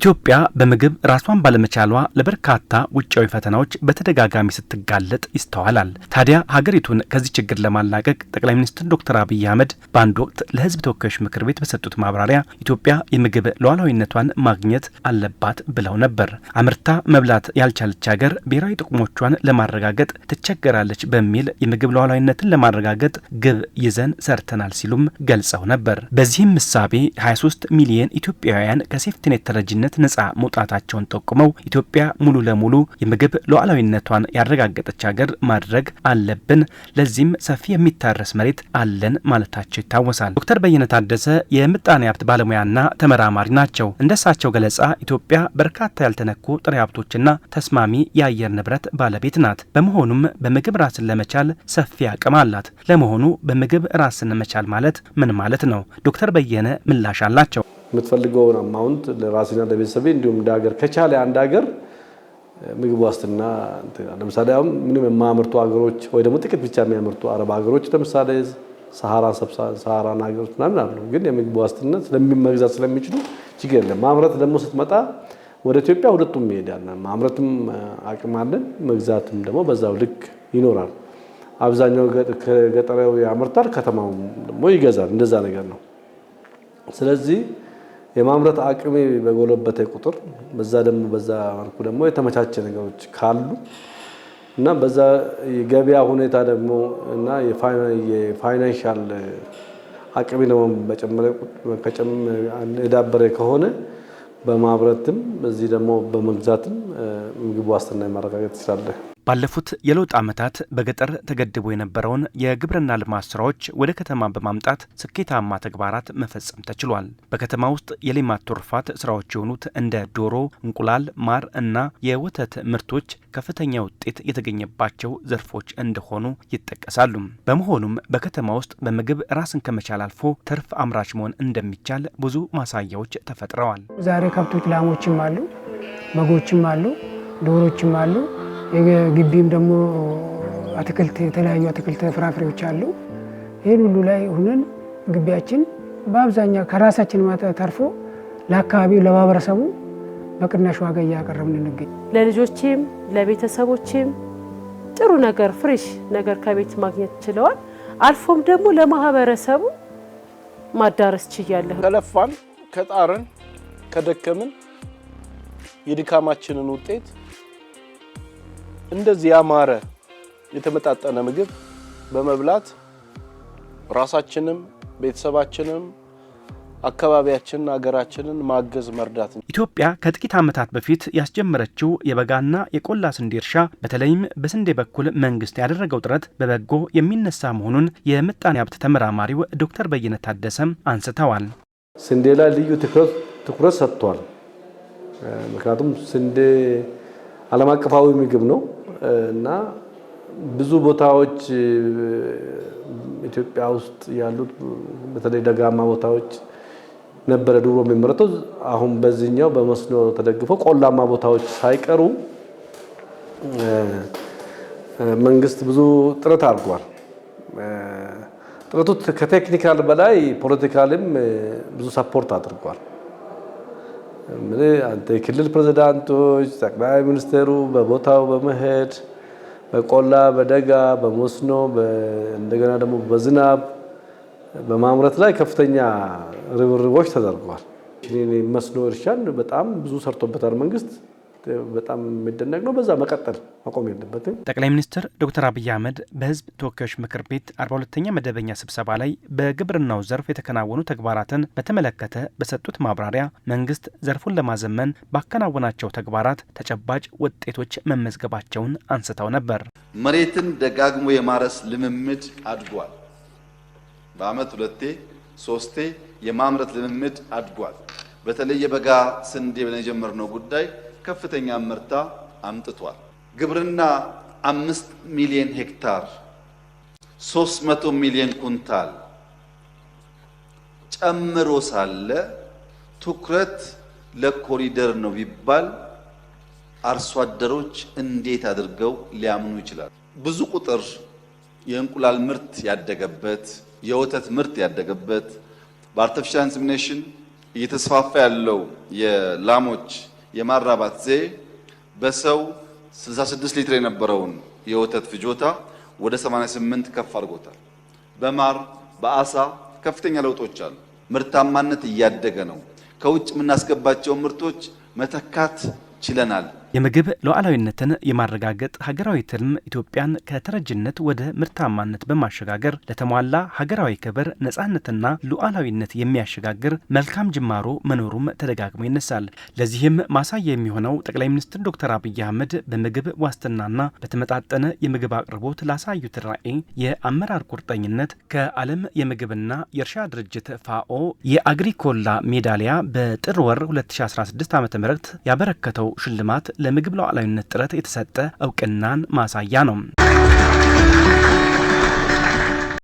ኢትዮጵያ በምግብ ራሷን ባለመቻሏ ለበርካታ ውጫዊ ፈተናዎች በተደጋጋሚ ስትጋለጥ ይስተዋላል። ታዲያ ሀገሪቱን ከዚህ ችግር ለማላቀቅ ጠቅላይ ሚኒስትር ዶክተር አብይ አህመድ በአንድ ወቅት ለሕዝብ ተወካዮች ምክር ቤት በሰጡት ማብራሪያ ኢትዮጵያ የምግብ ሉዓላዊነቷን ማግኘት አለባት ብለው ነበር። አምርታ መብላት ያልቻለች ሀገር ብሔራዊ ጥቅሞቿን ለማረጋገጥ ትቸገራለች በሚል የምግብ ሉዓላዊነትን ለማረጋገጥ ግብ ይዘን ሰርተናል ሲሉም ገልጸው ነበር። በዚህም ምሳቤ 23 ሚሊየን ኢትዮጵያውያን ከሴፍትኔት ተረጅነት ከድህነት ነጻ መውጣታቸውን ጠቁመው ኢትዮጵያ ሙሉ ለሙሉ የምግብ ሉዓላዊነቷን ያረጋገጠች ሀገር ማድረግ አለብን፣ ለዚህም ሰፊ የሚታረስ መሬት አለን ማለታቸው ይታወሳል። ዶክተር በየነ ታደሰ የምጣኔ ሀብት ባለሙያና ተመራማሪ ናቸው። እንደ ገለጻ ኢትዮጵያ በርካታ ያልተነኩ ጥሬ ሀብቶችና ተስማሚ የአየር ንብረት ባለቤት ናት። በመሆኑም በምግብ ራስን ለመቻል ሰፊ አቅም አላት። ለመሆኑ በምግብ ራስን መቻል ማለት ምን ማለት ነው? ዶክተር በየነ ምላሽ አላቸው። የምትፈልገውን አማውንት ለራሴና ለቤተሰቤ እንዲሁም እንደ ሀገር ከቻለ አንድ ሀገር ምግብ ዋስትና ለምሳሌ አሁን ምንም የማያመርቱ ሀገሮች ወይ ደግሞ ጥቂት ብቻ የሚያመርቱ አረብ ሀገሮች ለምሳሌ ሰሃራ ሰሃራን ሀገሮች ምናምን አሉ። ግን የምግብ ዋስትና ስለሚመግዛት ስለሚችሉ ችግር የለም። ማምረት ደግሞ ስትመጣ ወደ ኢትዮጵያ ሁለቱም ይሄዳል። ማምረትም አቅም አለን፣ መግዛትም ደግሞ በዛው ልክ ይኖራል። አብዛኛው ገጠራዊ ያመርታል፣ ከተማው ደግሞ ይገዛል። እንደዛ ነገር ነው። ስለዚህ የማምረት አቅሜ በጎለበተ ቁጥር በዛ ደግሞ በዛ መልኩ ደግሞ የተመቻቸ ነገሮች ካሉ እና በዛ የገበያ ሁኔታ ደግሞ እና የፋይናንሻል አቅሚ ደግሞ የዳበረ ከሆነ በማምረትም በዚህ ደግሞ በመግዛትም ምግብ ዋስትና የማረጋገጥ ትችላለህ። ባለፉት የለውጥ ዓመታት በገጠር ተገድቦ የነበረውን የግብርና ልማት ስራዎች ወደ ከተማ በማምጣት ስኬታማ ተግባራት መፈጸም ተችሏል። በከተማ ውስጥ የሌማት ትሩፋት ስራዎች የሆኑት እንደ ዶሮ፣ እንቁላል፣ ማር እና የወተት ምርቶች ከፍተኛ ውጤት የተገኘባቸው ዘርፎች እንደሆኑ ይጠቀሳሉ። በመሆኑም በከተማ ውስጥ በምግብ ራስን ከመቻል አልፎ ትርፍ አምራች መሆን እንደሚቻል ብዙ ማሳያዎች ተፈጥረዋል። ዛሬ ከብቶች ላሞችም አሉ፣ በጎችም አሉ፣ ዶሮችም አሉ የግቢም ደግሞ አትክልት የተለያዩ አትክልት ፍራፍሬዎች አሉ። ይህን ሁሉ ላይ ሁነን ግቢያችን በአብዛኛው ከራሳችን ተርፎ ለአካባቢው ለማህበረሰቡ በቅናሽ ዋጋ እያቀረብን እንገኝ። ለልጆችም ለቤተሰቦችም ጥሩ ነገር ፍሬሽ ነገር ከቤት ማግኘት ችለዋል። አልፎም ደግሞ ለማህበረሰቡ ማዳረስ ችያለሁ። ከለፋን፣ ከጣርን፣ ከደከምን የድካማችንን ውጤት እንደዚህ ያማረ የተመጣጠነ ምግብ በመብላት ራሳችንም ቤተሰባችንም አካባቢያችንን አገራችንን ማገዝ መርዳት። ኢትዮጵያ ከጥቂት ዓመታት በፊት ያስጀመረችው የበጋና የቆላ ስንዴ እርሻ በተለይም በስንዴ በኩል መንግስት ያደረገው ጥረት በበጎ የሚነሳ መሆኑን የምጣኔ ሀብት ተመራማሪው ዶክተር በየነ ታደሰም አንስተዋል። ስንዴ ላይ ልዩ ትኩረት ሰጥቷል። ምክንያቱም ስንዴ ዓለም አቀፋዊ ምግብ ነው። እና ብዙ ቦታዎች ኢትዮጵያ ውስጥ ያሉት በተለይ ደጋማ ቦታዎች ነበረ ድሮ የሚመረተው። አሁን በዚህኛው በመስኖ ተደግፎ ቆላማ ቦታዎች ሳይቀሩ መንግስት ብዙ ጥረት አድርጓል። ጥረቱ ከቴክኒካል በላይ ፖለቲካልም ብዙ ሰፖርት አድርጓል። የክልል ፕሬዚዳንቶች፣ ጠቅላይ ሚኒስትሩ በቦታው በመሄድ በቆላ በደጋ በመስኖ እንደገና ደግሞ በዝናብ በማምረት ላይ ከፍተኛ ርብርቦች ተደርገዋል። መስኖ እርሻን በጣም ብዙ ሰርቶበታል መንግስት። በጣም የሚደነቅ ነው። በዛ መቀጠል መቆም የለበትም። ጠቅላይ ሚኒስትር ዶክተር አብይ አህመድ በህዝብ ተወካዮች ምክር ቤት 42ኛ መደበኛ ስብሰባ ላይ በግብርናው ዘርፍ የተከናወኑ ተግባራትን በተመለከተ በሰጡት ማብራሪያ መንግስት ዘርፉን ለማዘመን ባከናወናቸው ተግባራት ተጨባጭ ውጤቶች መመዝገባቸውን አንስተው ነበር። መሬትን ደጋግሞ የማረስ ልምምድ አድጓል። በአመት ሁለቴ ሶስቴ የማምረት ልምምድ አድጓል። በተለይ በጋ ስንዴ የጀመርነው ጉዳይ ከፍተኛ ምርታ አምጥቷል። ግብርና አምስት ሚሊዮን ሄክታር ሶስት መቶ ሚሊዮን ኩንታል ጨምሮ ሳለ ትኩረት ለኮሪደር ነው ቢባል አርሶ አደሮች እንዴት አድርገው ሊያምኑ ይችላል? ብዙ ቁጥር የእንቁላል ምርት ያደገበት የወተት ምርት ያደገበት በአርቲፊሻል ኢንሰሚኔሽን እየተስፋፋ ያለው የላሞች የማራባት ዜ በሰው 66 ሊትር የነበረውን የወተት ፍጆታ ወደ 88 ከፍ አድርጎታል። በማር በአሳ ከፍተኛ ለውጦች አሉ። ምርታማነት እያደገ ነው። ከውጭ የምናስገባቸው ምርቶች መተካት ችለናል። የምግብ ሉዓላዊነትን የማረጋገጥ ሀገራዊ ትልም ኢትዮጵያን ከተረጅነት ወደ ምርታማነት በማሸጋገር ለተሟላ ሀገራዊ ክብር ነጻነትና ሉዓላዊነት የሚያሸጋግር መልካም ጅማሮ መኖሩም ተደጋግሞ ይነሳል። ለዚህም ማሳያ የሚሆነው ጠቅላይ ሚኒስትር ዶክተር አብይ አህመድ በምግብ ዋስትናና በተመጣጠነ የምግብ አቅርቦት ላሳዩት ራዕይ የአመራር ቁርጠኝነት ከዓለም የምግብና የእርሻ ድርጅት ፋኦ የአግሪኮላ ሜዳሊያ በጥር ወር 2016 ዓ ም ያበረከተው ሽልማት ለምግብ ሉዓላዊነት ጥረት የተሰጠ እውቅናን ማሳያ ነው።